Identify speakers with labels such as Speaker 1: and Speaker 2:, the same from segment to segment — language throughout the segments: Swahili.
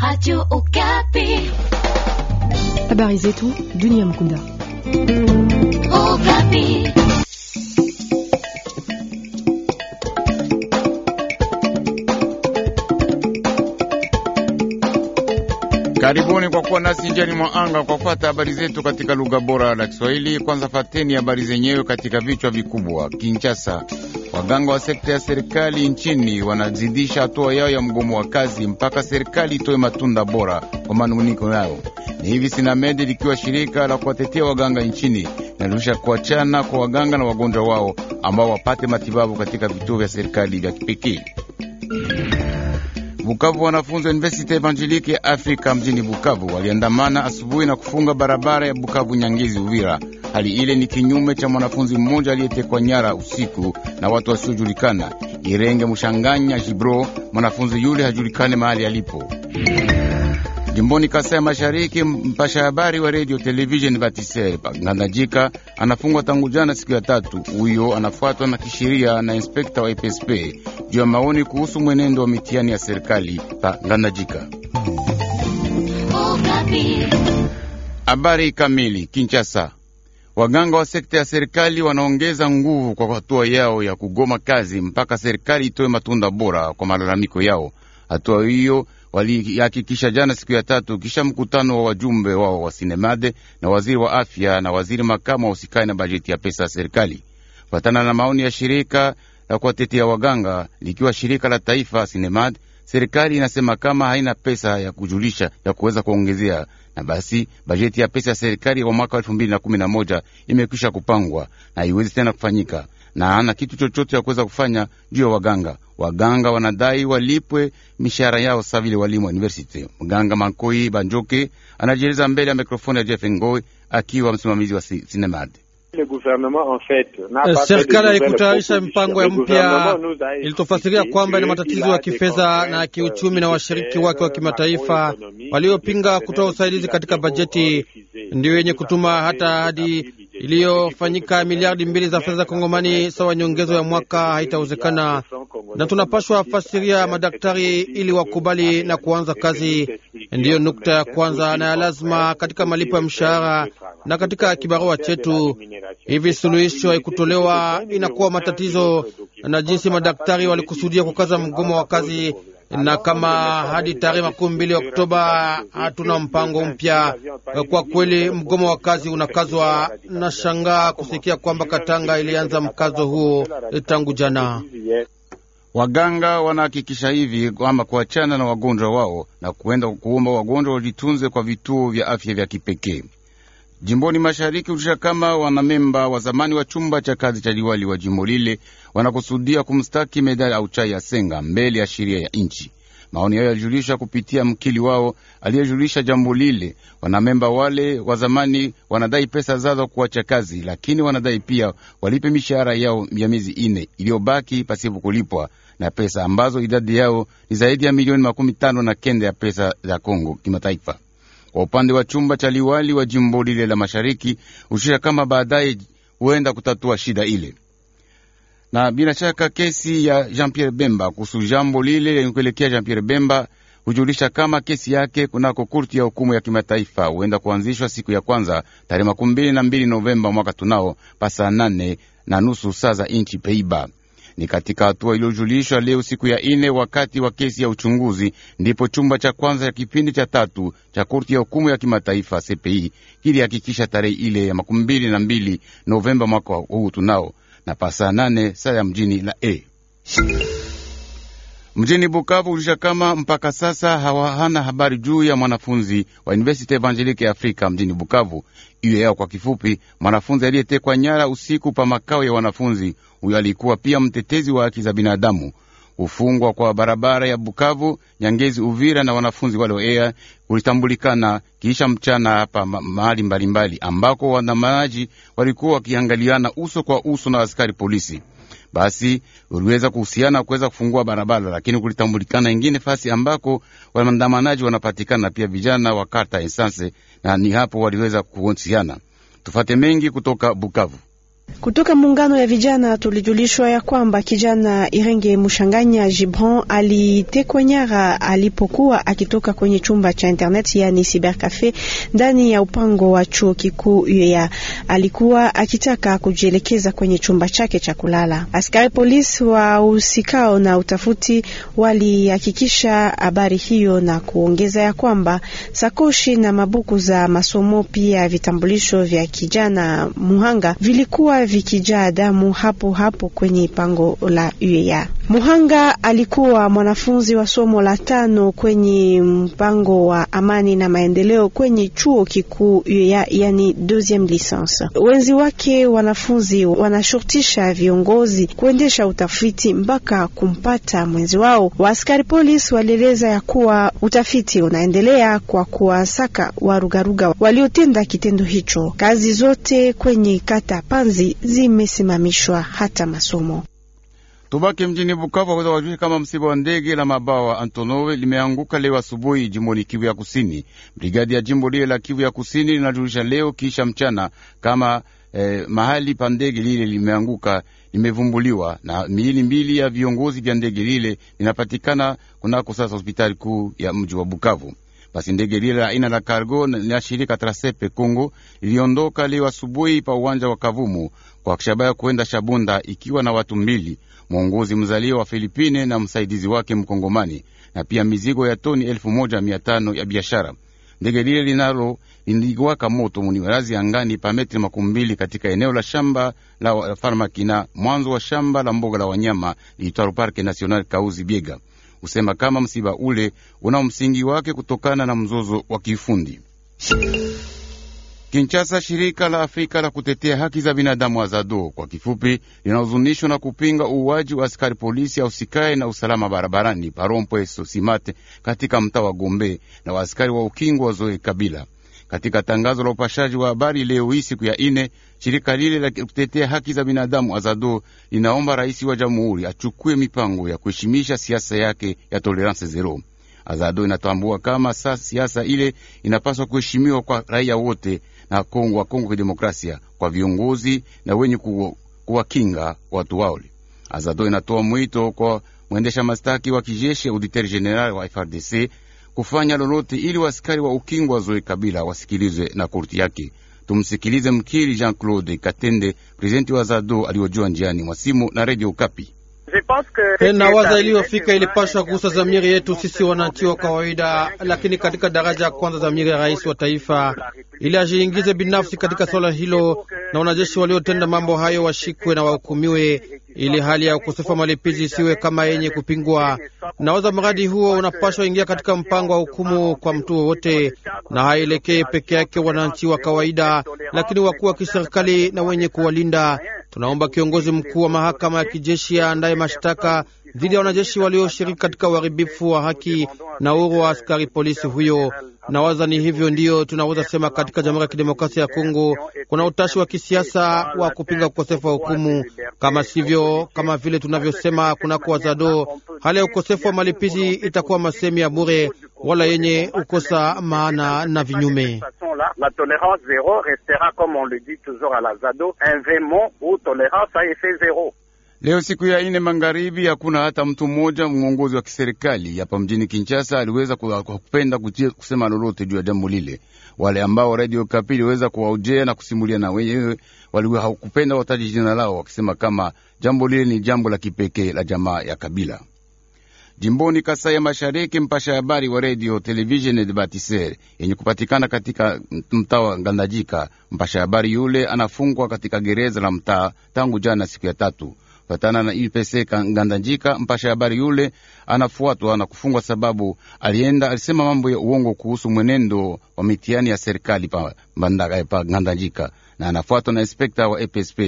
Speaker 1: Radio Okapi.
Speaker 2: Habari zetu dunia mkunda.
Speaker 1: Okapi.
Speaker 3: Karibuni kwa kuwa nasi njani mwa anga kwa kufata habari zetu katika lugha bora la Kiswahili. Kwanza fateni habari zenyewe katika vichwa vikubwa. Kinshasa Waganga wa sekta ya serikali nchini wanazidisha hatua yao ya mgomo wa kazi mpaka serikali itoe matunda bora kwa manunguniko yao. Ni hivi Sinamede likiwa shirika la kuwatetea waganga nchini linarusha kuachana kwa waganga na wagonjwa wao ambao wapate matibabu katika vituo vya serikali vya kipekee. Bukavu, wanafunzi wa Universite Evangelike ya Afrika mjini Bukavu waliandamana asubuhi na kufunga barabara ya Bukavu Nyangizi Uvira Hali ile ni kinyume cha mwanafunzi mmoja aliyetekwa nyara usiku na watu wasiojulikana Irenge Mushanganya Jibro. Mwanafunzi yule hajulikane mahali alipo. Jimboni Kasai ya Mashariki, mpasha habari wa redio televisheni Batise Ngandajika anafungwa tangu jana siku ya tatu. Huyo anafuatwa na kisheria na inspekta wa EPSP juu ya maoni kuhusu mwenendo wa mitihani ya serikali pa Ngandajika. Oh, habari kamili Kinshasa. Waganga wa sekta ya serikali wanaongeza nguvu kwa hatua yao ya kugoma kazi mpaka serikali itoe matunda bora kwa malalamiko yao. Hatua hiyo walihakikisha jana siku ya tatu kisha mkutano wa wajumbe wao wa Sinemade na waziri wa afya na waziri makamu wa usikani na bajeti ya pesa ya serikali, kufatana na maoni ya shirika la kuwatetea waganga likiwa shirika la taifa Sinemade. Serikali inasema kama haina pesa ya kujulisha ya kuweza kuongezea na basi bajeti ya pesa ya serikali kwa mwaka wa elfu mbili na kumi na moja imekwisha kupangwa na haiwezi tena kufanyika na ana kitu chochote ya kuweza kufanya juu ya waganga. Waganga wanadai walipwe mishahara yao sawa vile walimu wa university. Mganga Makoi Banjoke anajieleza mbele ya mikrofoni ya Jeff Ngoi akiwa msimamizi wa Sinemad. Le gouvernement en fait, euh, serikali haikutayarisha mpango ya mpya. Ilitofasiria kwamba ina matatizo ya kifedha
Speaker 1: na kiuchumi, na euh, washiriki wake wa kimataifa waliopinga kutoa usaidizi katika bajeti ndiyo yenye kutuma hata ahadi iliyofanyika miliardi mbili za fedha za Kongomani sawa nyongezo ya mwaka haitawezekana, na tunapashwa fasiria madaktari ili wakubali na kuanza kazi. Ndiyo nukta ya kwanza na ya lazima katika malipo ya mshahara na katika kibarua chetu hivi suluhisho haikutolewa, inakuwa matatizo na jinsi madaktari walikusudia kukaza mgomo wa kazi, na kama hadi tarehe makumi mbili Oktoba hatuna mpango mpya. Kwa kweli mgomo wa kazi unakazwa, na shangaa kusikia kwamba Katanga ilianza mkazo huo tangu jana.
Speaker 3: Waganga wanahakikisha hivi kwamba kuachana na wagonjwa wao na kuenda kuomba wagonjwa wajitunze kwa vituo vya afya vya kipekee. Jimboni mashariki ulisha kama wanamemba wa zamani wa chumba cha kazi cha liwali wa jimbo lile wanakusudia kumstaki Medali Auchai senga mbele ya sheria ya nchi. Maoni hayo yalijulishwa kupitia mkili wao aliyejulisha jambo lile. Wanamemba wale wa zamani wanadai pesa zazo kuacha kazi, lakini wanadai pia walipe mishahara yao ya miezi ine iliyobaki pasipo kulipwa na pesa ambazo idadi yao ni zaidi ya milioni makumi tano na kenda ya pesa za Kongo kimataifa. Kwa upande wa chumba cha liwali wa jimbo lile la mashariki ushisha kama baadaye huenda kutatua shida ile, na bila shaka kesi ya Jean Pierre Bemba kuhusu jambo lile lenye kuelekea Jean Pierre Bemba hujulisha kama kesi yake kunako kurti ya hukumu ya kimataifa huenda kuanzishwa siku ya kwanza tarehe makumi mbili na mbili Novemba mwaka tunao pa saa nane na nusu saa za inchi Peiba. Ni katika hatua iliyojulishwa leo siku ya ine wakati wa kesi ya uchunguzi, ndipo chumba cha kwanza cha kipindi cha tatu cha korti ya hukumu ya kimataifa CPI kilihakikisha tarehe ile ya makumi mbili na mbili Novemba mwaka huu tunao na pasaa nane saa ya mjini la e mjini Bukavu ulisha kama mpaka sasa hawahana habari juu ya mwanafunzi wa university Evangelike ya Afrika mjini Bukavu yao kwa kifupi, mwanafunzi aliyetekwa nyara usiku pa makao ya wanafunzi. Huyo alikuwa pia mtetezi wa haki za binadamu. Kufungwa kwa barabara ya Bukavu Nyangezi Uvira na wanafunzi wale waea ulitambulikana kisha mchana hapa mahali mbalimbali ambako wandamanaji walikuwa wakiangaliana uso kwa uso na askari polisi basi uliweza kuhusiana kuweza kufungua barabara, lakini kulitambulikana ingine fasi ambako waandamanaji wanapatikana pia vijana wa kata esanse, na ni hapo waliweza kuhusiana. Tufate mengi kutoka Bukavu.
Speaker 2: Kutoka muungano ya vijana tulijulishwa ya kwamba kijana Irenge Mushanganya Gibran alitekwa nyara alipokuwa akitoka kwenye chumba cha internet, yani cybercafe, ndani ya upango wa chuo kikuu ya. Alikuwa akitaka kujielekeza kwenye chumba chake cha kulala. Askari polisi wa usikao na utafuti walihakikisha habari hiyo na kuongeza ya kwamba sakoshi na mabuku za masomo pia vitambulisho vya kijana muhanga vilikuwa vikijaa damu hapo hapo kwenye pango la UEA. Muhanga alikuwa mwanafunzi wa somo la tano kwenye mpango wa amani na maendeleo kwenye chuo kikuu UEA, yani deuxieme licence. Wenzi wake wanafunzi wanashurutisha viongozi kuendesha utafiti mpaka kumpata mwenzi wao. Waaskari polis walieleza ya kuwa utafiti unaendelea kwa kuwasaka warugaruga waliotenda kitendo hicho. Kazi zote kwenye kata Panzi zimesimamishwa hata masomo.
Speaker 3: Tubaki mjini Bukavu aweza wajui kama msiba wa ndege la mabawa Antonov limeanguka leo asubuhi jimboni Kivu ya Kusini. Brigadi ya jimbo lile la Kivu ya Kusini linajulisha leo kisha mchana kama eh, mahali pa ndege lile limeanguka limevumbuliwa na miili mbili ya viongozi vya ndege lile linapatikana kunako sasa hospitali kuu ya mji wa Bukavu. Basi ndege lile la aina la kargo la shirika Trasepe Kongo liliondoka leo asubuhi pa uwanja wa Kavumu kwa kishabaya kuenda Shabunda ikiwa na watu mbili, mwongozi mzaliwa wa Filipine na msaidizi wake Mkongomani, na pia mizigo ya toni elfu moja mia tano ya biashara. Ndege lile linalo liliwaka moto mniwarazi angani pa metri makumi mbili katika eneo la shamba la Farmakina, mwanzo wa shamba la mboga la wanyama liitwalo Parke National Kauzi Biega husema kama msiba ule una msingi wake kutokana na mzozo wa kiufundi. Kinshasa, shirika la Afrika la kutetea haki za binadamu Azado kwa kifupi, linahuzunishwa na kupinga uuaji wa askari polisi ausikaye na usalama barabarani Parompo e Sosimate katika mtaa wa Gombe na waaskari wa ukingo wa Zoe Kabila. Katika tangazo la upashaji wa habari leo hii siku ya ine, Shirika lile la kutetea haki za binadamu Azado linaomba rais wa jamhuri achukue mipango ya kuheshimisha siasa yake ya tolerance zero. Azado inatambua kama sa siasa ile inapaswa kuheshimiwa kwa raia wote na Kongo wa Kongo Kidemokrasia, kwa viongozi na wenye kuwakinga watu waole Azado inatoa mwito kwa mwendesha mastaki wa kijeshi ya auditeur general wa FRDC kufanya lolote ili wasikari wa ukingo wa Zoe Kabila wasikilizwe na korti yake. Tumsikilize mkili Jean Claude Katende, prezidenti wa Zado aliojua njiani mwa simu na Radio ukapi
Speaker 1: Tena eh, waza iliyofika ilipashwa kuhusa zamiri yetu sisi wananchi wa kawaida, lakini katika daraja ya kwanza zamiri ya rais wa taifa ili ajiingize binafsi katika swala hilo, na wanajeshi waliotenda mambo hayo washikwe na wahukumiwe ili hali ya ukosefu wa malipizi isiwe kama yenye kupingwa. Nawaza mradi huo unapashwa ingia katika mpango wa hukumu kwa mtu wowote, na haielekee peke yake wananchi wa kawaida, lakini wakuu wa kiserikali na wenye kuwalinda. Tunaomba kiongozi mkuu wa mahakama ya kijeshi aandaye mashtaka dhidi ya wanajeshi walioshiriki katika uharibifu wa haki na uhuru wa askari polisi huyo na wazani hivyo ndiyo tunaweza sema katika Jamhuri ya Kidemokrasia ya Kongo kuna utashi wa kisiasa wa kupinga ukosefu wa hukumu, kama sivyo, kama vile tunavyosema kunako wazado, hali ya ukosefu wa malipizi itakuwa masemi ya bure wala yenye ukosa maana na vinyume.
Speaker 3: Leo siku ya ine magharibi, hakuna hata mtu mmoja mwongozi wa kiserikali hapa mjini Kinshasa aliweza kupenda kusema lolote juu ya jambo lile. Wale ambao Radio Kapi iliweza kuwaojea na kusimulia na wenyewe waliwe hawakupenda wataji jina lao, wakisema kama jambo lile ni jambo la kipekee la jamaa ya kabila. Jimboni Kasai ya Mashariki, mpasha habari wa radio televisheni de batiser yenye kupatikana katika mtaa wa Ngandajika, mpasha habari yule anafungwa katika gereza la mtaa tangu jana siku ya tatu. Patana na UPC Kangandanjika, mpasha habari yule anafuatwa na kufungwa sababu alienda alisema mambo ya uongo kuhusu mwenendo wa mitihani ya serikali pa, pa Ngandanjika, na anafuatwa na inspekta wa EPSP.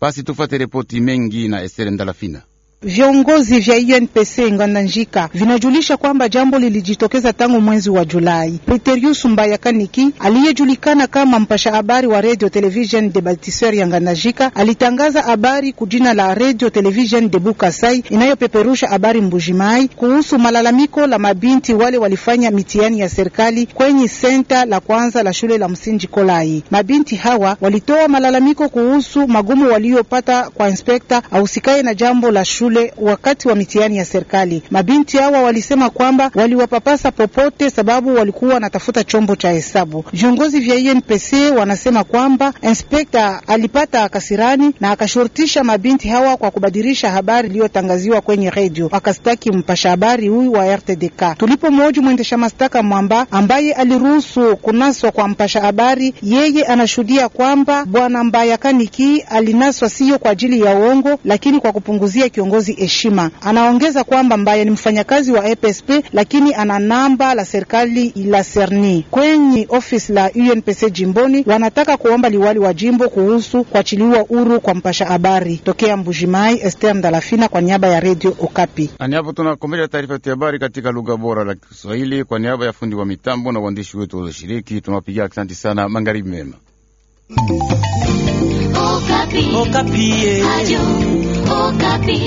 Speaker 3: Basi tufate ripoti mengi na Estere Ndalafina.
Speaker 4: Viongozi vya UNPC Nganda Njika vinajulisha kwamba jambo lilijitokeza tangu mwezi wa Julai. Preterius Mbayakaniki aliyejulikana kama mpasha habari wa Radio Television de Baltiseur ya Nganda Njika alitangaza habari kujina la Radio Television de Bukasai inayopeperusha habari Mbujimai kuhusu malalamiko la mabinti wale walifanya mitihani ya serikali kwenye senta la kwanza la shule la msingi Kolai. Mabinti hawa walitoa malalamiko kuhusu magumu waliopata kwa inspekta ahusikaye na jambo la shule shule wakati wa mitihani ya serikali. Mabinti hawa walisema kwamba waliwapapasa popote, sababu walikuwa wanatafuta chombo cha hesabu. Viongozi vya UNPC wanasema kwamba inspekta alipata kasirani na akashurutisha mabinti hawa kwa kubadilisha habari iliyotangaziwa kwenye redio, akastaki mpasha habari huyu wa RTDK. Tulipomwoji mwendesha mashtaka Mwamba ambaye aliruhusu kunaswa kwa mpasha habari, yeye anashuhudia kwamba bwana Mbayakaniki alinaswa siyo kwa ajili ya uongo, lakini kwa kupunguzia kiongozi Kahozi Heshima. Anaongeza kwamba mbaye ni mfanyakazi wa EPSP lakini ana namba la serikali la Serni kwenye ofisi la UNPC jimboni, wanataka kuomba liwali wa jimbo kuhusu kuachiliwa uru kwa mpasha habari tokea Mbujimai. Esther Mdalafina kwa niaba ya
Speaker 3: Radio Okapi. ni hapo tunakomesha taarifa yetu ya habari katika lugha bora la Kiswahili. Kwa niaba ya fundi wa mitambo na uandishi wetu walioshiriki, tunawapigia asanti sana. Magharibi mema.
Speaker 4: Okapi. Okapi. Okapi.